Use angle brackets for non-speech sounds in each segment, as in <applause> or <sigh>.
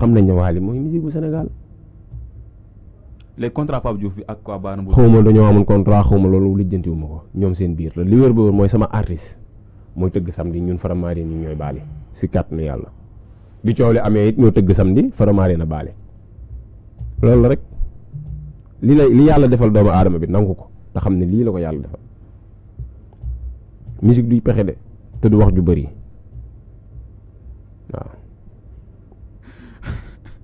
xam nañ ne wali mooy musique bu Sénégal les contrats pap Diouf bi ak quoi baana bu xawma dañu amul contrat xawma loolu lijeenti wu ko ñoom seen biir la li wër ba wër mooy sama artiste mooy tëgg samedi ñun faramaare ñu ñooy baale si kàttanu yàlla bi coow li amee it ñoo tëgg samedi faramaare na baale loolu rek li lay li yàlla defal doomu aadama bi nangu ko te xam ne lii la ko yàlla defal musique duy pexe de te du wax ju bëri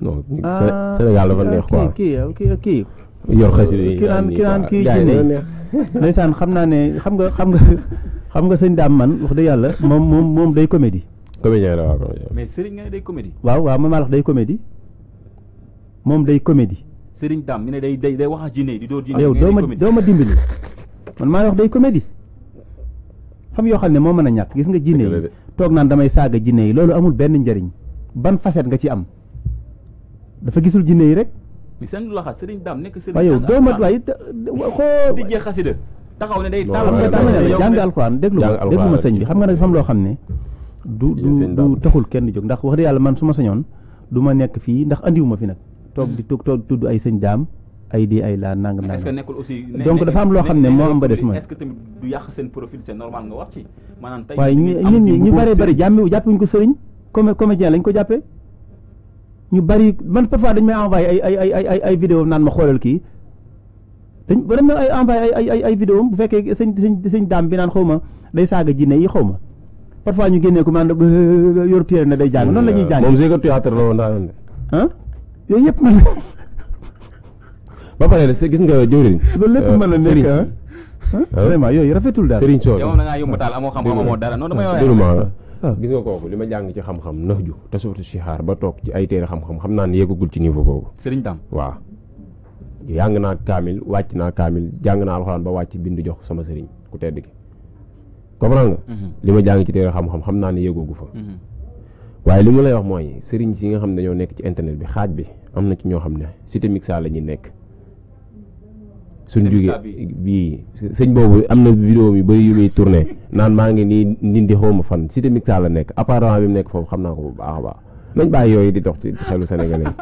non ah, Sénégal dafa neex quoi ki naan ki naan kii jinne <laughs> ndeysaan xam naa ne xam nga xam nga <laughs> xam nga sëñ daam man wax dëgg yàlla moom moom moom day comédie comédien la waaw mais waaw waaw man maa wax day comédie moom day comédie sëriñ daam ñu ne day day day wax jinne di door jinne yow doo ma doo ma dimbali man maa wax day comédie xam yoo xam ne moo mën a ñàkk gis nga jinne yi toog naan damay saaga jinne yi loolu amul benn njariñ ban facette nga ci am dafa gisul jinne yi rek. li seen loxo sëriñ daam nekk sëriñ. waaye yow doo mat waaye xo di je xasida taxaw ne day tal nga tax ne jàng alxuraan déglu ma déglu ma bi xam nga fam lo xamne du du du taxul kenn jog ndax wax de yalla man suma ma duma nek fi ndax andiwuma fi nak tok di tok hmm. tok tuddu ay serigne dam ay di ay la nang nang est-ce nekul aussi donc dafa am lo xamne mo am ba des mooy. est-ce que tamit du yak sen profil c'est normal nga wax ci. manan tay waaye ñu ñu bari bari jammi jàmmi jàppuñ ko serigne comme comédien lañ ko jappé ñu bari man parfois dañ may envoyé ay ay ay ay ay vidéo naan ma xoolal kii dañ ba dañ may envoyé ay ay ay vidéo bu fekkee sëñ sëñ sëñ daam bi naan xaw ma day saaga jinne yi xaw ma parfois ñu génnee ko man <laughs> yor téere na day jàng noonu la ñuy jàng moom Zéga théâtre la woon daa yoon de ah yooyu <laughs> <laughs> euh, a nekk vraiment yooyu rafetul daal Serigne Sow yow moom da taal amoo xam-xam dara noonu damay waxee Ah. gis nga kooku li ma jàng ci xam-xam nax ju te si sihaar ba toog ci ay téere xam-xam xam naa ne yeggagul ci niveau boobu sëriñ tam waaw jàng naa kaamil wàcc naa kaamil jàng naa alxuraan ba wàcc bindu jox sama sëriñ ku tedd gi comprendre nga mhm. li ma jàng ci téere xam-xam xam naa ne yeggagu fa mhm. waaye li mu lay wax mooy sëriñ si nga xam ne dañoo nekk ci internet bi xaaj bi am na ci ñoo xam ne cité mixa la ñuy nekk suñ jugee bii sëñ boobu am na vidéo yu bëri yu muy tourné <laughs> naan maa ngi nii ndindi xawma fan cité Mixta la nekk appartement bi mu nekk foofu xam naa ko bu baax baax nañ bàyyi yooyu di dox ci xelu sénégalais <laughs>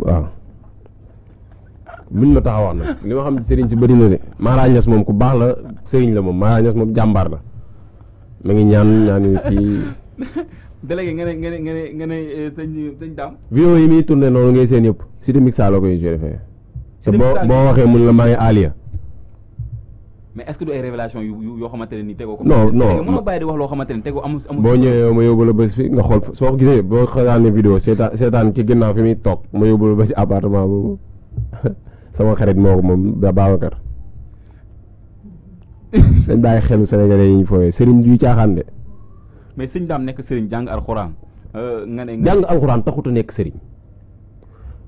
waaw luñ ma tax a wax li ma xam sëriñ si bëri na de Mara moom ku baax la sëriñ la moom Mara moom jàmbaar la ma ngi ñaan ñaanu kii. <laughs> délégué nga ne nga ne nga ne nga eh, yi muy tourné noonu ngay seen yëpp cité Mixta la te boo boo waxee mun la maa ngi Aliya. mais est du ay révélation yu yoo xamante ne nii tegoo ko. non non wax loo xamante ne tegoo amul amul. boo ñëwee ma yóbbu la ba fi nga xool soo ko gisee boo xalaatee vidéo seetaan ci ginnaaw fi muy toog ma yóbbu ba ci appartement boobu <laughs> sama xarit moo ko moom da Babacar. dañ <laughs> bàyyi xelu Sénégalais yi ñu fooyee sëriñ du caaxaan de. mais sëñ daam nekk sëriñ jàng alxuraan. Euh, nga jàng alxuraan taxut a nekk sëriñ.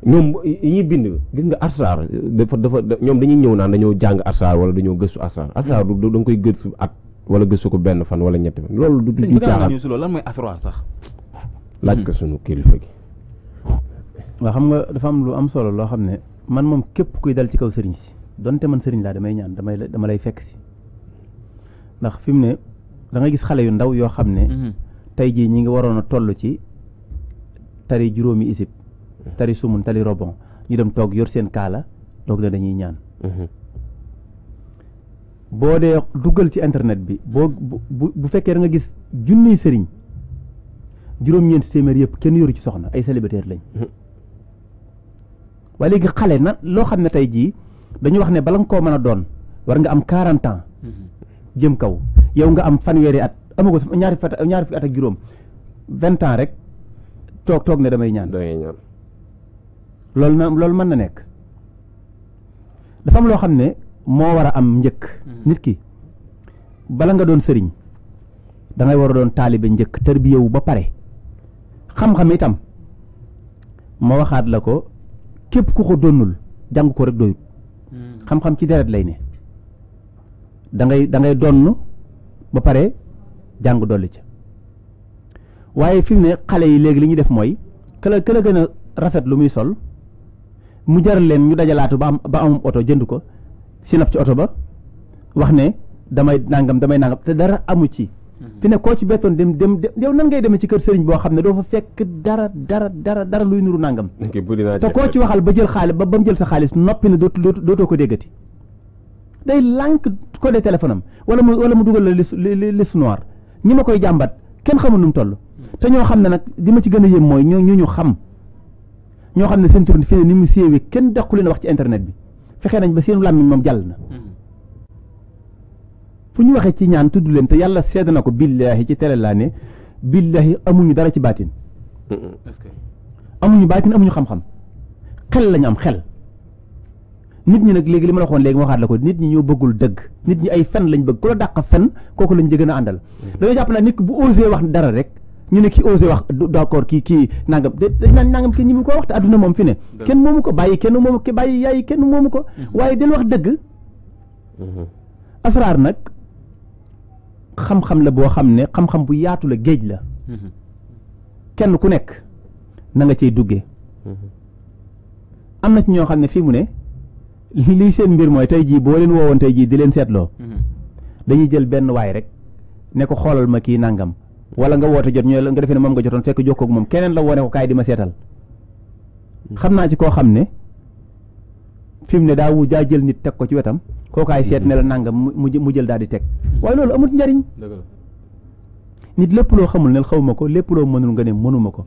ñoom yi bind gis nga asraar dafa dafa ñoom dañuy ñëw naan dañoo jàng asraar wala dañoo gëstu asraar asraar du da nga koy gëstu at wala gëstu ko benn fan wala ñetti fan loolu du du caaxaan si lan mooy asraar sax laaj ko hmm. sunu kilifa gi waaw xam nga dafa am lu am solo loo xam ne man moom képp kuy dal ci kaw sëriñ si donte man sëriñ laa damay ñaan damay dama lay fekk si ndax fi mu ne da gis xale yu ndaw yoo xam ne hmm. tey jii ñi ngi waroon a toll ci tari juróomi isib tari sumun tali robon ñu dem toog yor seen kaala toog ne dañuy ñaan mhm. boo dee duggal ci internet bi boo bu bu fekkee da nga gis junniy sëriñ juróom-ñeenti téeméer yëpp kenn yoru ci soxna ay célibataire lañ mhm. waaye léegi xale na loo xam ne tey jii dañu wax ne bala nga koo mën a doon war nga am quarante ans mhm. jëm kaw yow nga am fanweeri at amago ñaari ñaari fi at ak juróom vingt ans rek toog toog ne damay ñaan loolu na loolu mën na nekk dafa am loo xam ne moo war a am njëkk mm-hmm. nit ki bala nga doon sëriñ dangay war a doon taalibe njëkk tërbiyewu ba pare xam-xam itam ma waxaat la ko képp ku ko donnul jàng ko rek doyut mm-hmm. xam-xam ci deret lay ne dangay dangay da donn ba pare jàng dolli ca waaye fi mu ne xale yi léegi li ñuy def mooy këla këla gën a rafet lu muy sol mu jaral leen ñu dajalaatu ba am ba amum oto jënd ko sinap ci oto ba wax ne damay nangam damay nangam te dara amu ci. Mhm. fi ne koo ci bettoon dem dem yow nan ngay demee ci kër sëriñ boo xam ne doo fa fekk dara dara dara dara luy nuru nangam. te koo ci waxal ba jël xaalis ba ba mu jël sa xaalis noppi na dootoo dootoo ko déggati. day lànk ko de téléphone am wala mu wala mu dugal la liste liste noire ñi ma koy jàmbat kenn xamu nu mu toll. Mhm. te ñoo xam ne nag di ma ci gën a yëm mooy ñoo ñu ñu xam. ñoo xam ne seen ni fi ne ni mu séewee kenn dàqu leen wax ci internet bi fexe nañ ba seen làmmiñ moom jàll na hmm. fu ñu waxee ci ñaan tudd leen te yàlla seede na ko billaahi ci tele laa ne billaahi amuñu dara ci baatin hmm. amuñu baatin amuñu xam-xam xel lañu am xel nit ñi nag léegi li ma la waxoon léegi ma waxaat la ko nit ñi ñoo bëggul dëgg nit ñi ay fen lañ bëgg ku la dàq fen kooku lañ jëgën a àndal hmm. dañoo jàpp naa nit ku bu osé wax dara rek ñu ne ki osé wax d' accord kii kii nangam dañ naan nangam kenn ñi mu ko wax te adduna moom fi ne kenn moomu ko bàyyi kenn moomu ko bàyyi yaay kenn moomu ko mhm. waaye del wax dëgg mhm. asraar nag xam-xam la boo xam ne xam-xam bu yaatu la géej la mhm. kenn ku nekk nanga ciy dugge am na ci ñoo xam ne fii mu ne lii seen mbir mooy tey jii boo leen woowoon tey jii di leen seetloo dañuy jël benn waay rek ne ko xoolal ma kii nangam wala nga woote jot ñu la nga defe ne moom nga jotoon fekk jokkoo ak moom keneen la wone ko di ma seetal hmm. xam naa ci koo xam ne fi mu ne daa wu daa jël nit teg ko ci wetam kookaay seet ne la nangam mu mu jël daal di teg hmm. waaye loolu amut njariñ nit lépp loo xamul ne xaw ko lépp loo mënul nga ne mënuma ko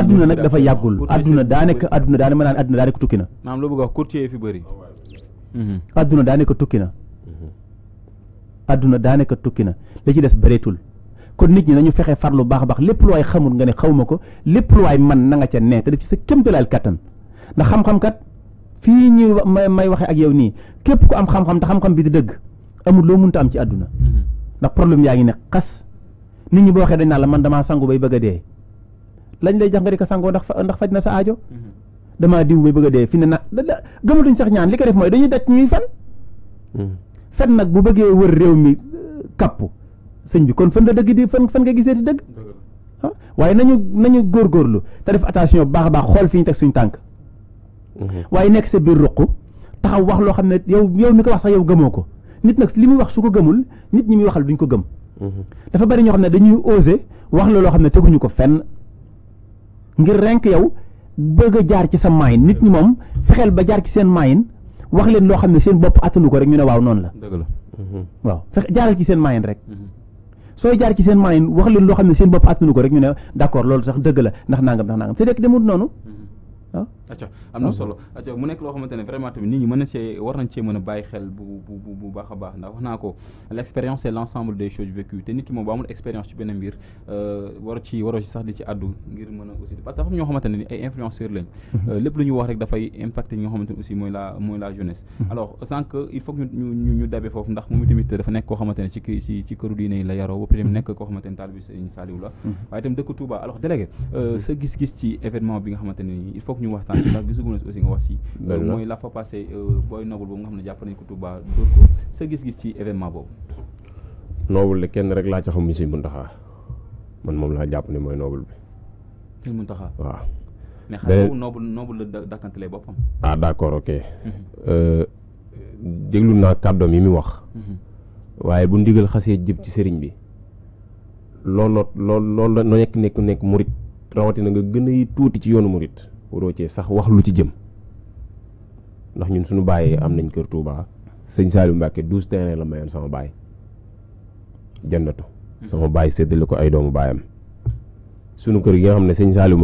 àdduna nag dafa yàggul adduna daa nekk adduna daa ma naan adduna nekk tukki na maanaam lu bëgg wax courtier fi bëri oh, hmm. adduna daa nekk tukki na adduna tukki na li ci des bareetul kon nit ñi nañu fexe far lu baax baax lépp lu waay xamul nga ne xawma ko lépp lu waay man na nga ca ne te def ci sa kémtalaal kattan ndax xam-xam kat fii ñuy may waxee ak yow nii képp ku am xam-xam xam-xam bi di dëgg amul loo mënta am ci àdduna mm-hmm. ndax problème yaa ngi ne xas nit ñi boo waxee dañ naan la man damaa sangu bay bëgg a dee lañ lay jox nga di ko sangoo ndax na sa aajo mm-hmm. damaa diw bay bëgg dee fi ne nag gëmatuñ sax ñaan li ko def mooy dañuy daj ñuy fen mm-hmm. fen nag bu bëggee wër réew mi euh, kapp sëñ bi kon fan la dëgg di fan fan nga gisee ci dëgg ah waaye nañu nañu góorgóorlu te def attention baax a baax xool fi ñu teg suñu tànk mhm. waaye nekk sa biir ruq taxaw wax loo xam ne yow yow mi ko wax sax yow gëmoo ko nit nag li muy wax su ko gëmul nit ñi muy waxal duñ ko gëm mhm. dafa bari ñoo xam ne dañuy oser wax la loo xam ne teguñu ko fenn ngir renk yow bëgg a jaar ci sa maayin nit ñi moom fexeel ba jaar ci seen maayin wax leen loo xam ne seen bopp attanu ko rek ñu ne waaw noonu la mhm. waaw fexe jaaral ci seen maayin rek sooy jaar ci seen moyen wax leen loo xam ne seen bopp attanu ko rek ñu ne d'accord loolu sax dëgg la ndax nangam ndax nangam te dekk demul noonu ah acca am ah. solo acca mu nekk loo xamante ne vraiment tamit nit ñi mën na see war nañ cee mën a xel bu bu bu baax a baax ndax wax naa ko l' expérience des choses vécues te nit ki moom ba amul expérience ci benn mbir euh, war ci waroo ci sax di ci àddu ngir mën aussi parce ñoo xamante ni ay influenceurs lañ mhm. euh, lépp lu ñu wax rek dafay impacter ñi nga xamante ne aussi mooy la mooy la jeunesse mhm. alors sans que il faut que ñu ñu dabee foofu ndax moom timi dafa nekk koo xamante ne ci ci ci këru diine la yaro ba pare mhm. nekk koo xamante ne taalibe Sëriñ Saliou la waaye itam dëkk Touba alors délégué euh, sa gis-gis ci événement bi nga xamante ne il faut ñu waxtaan si ndax gisuguma si aussi nga wax si euh, loolu mooy la fa passé euh, jàpp nañ ko Touba dóor ko sa gis-gis ci événement boobu noble kenn rek laa ca xam Sëñ Muntaxa man moom laa jàpp mooy noble bi Sëñ Muntaxa waaw mais xale boobu noble noble la dakkantalee boppam ah d'accord ok mm-hmm. euh, déglu naa kàddoom yi mu wax mm-hmm. waaye bu ndigal xasee jëb ci sëriñ bi looloo lool loolu la nekk nekk nekk murit rawatina nga gën a tuuti ci yoonu murit waroo cee sax wax lu ci jëm ndax ñun suñu bàyyee am nañ kër Touba sëñ Saliou Mbacke douze terrain la mayoon sama baay jëndatu hmm. sama baay séddale ko ay doomu baayam sunu kër gi xam ne sëñ Saliou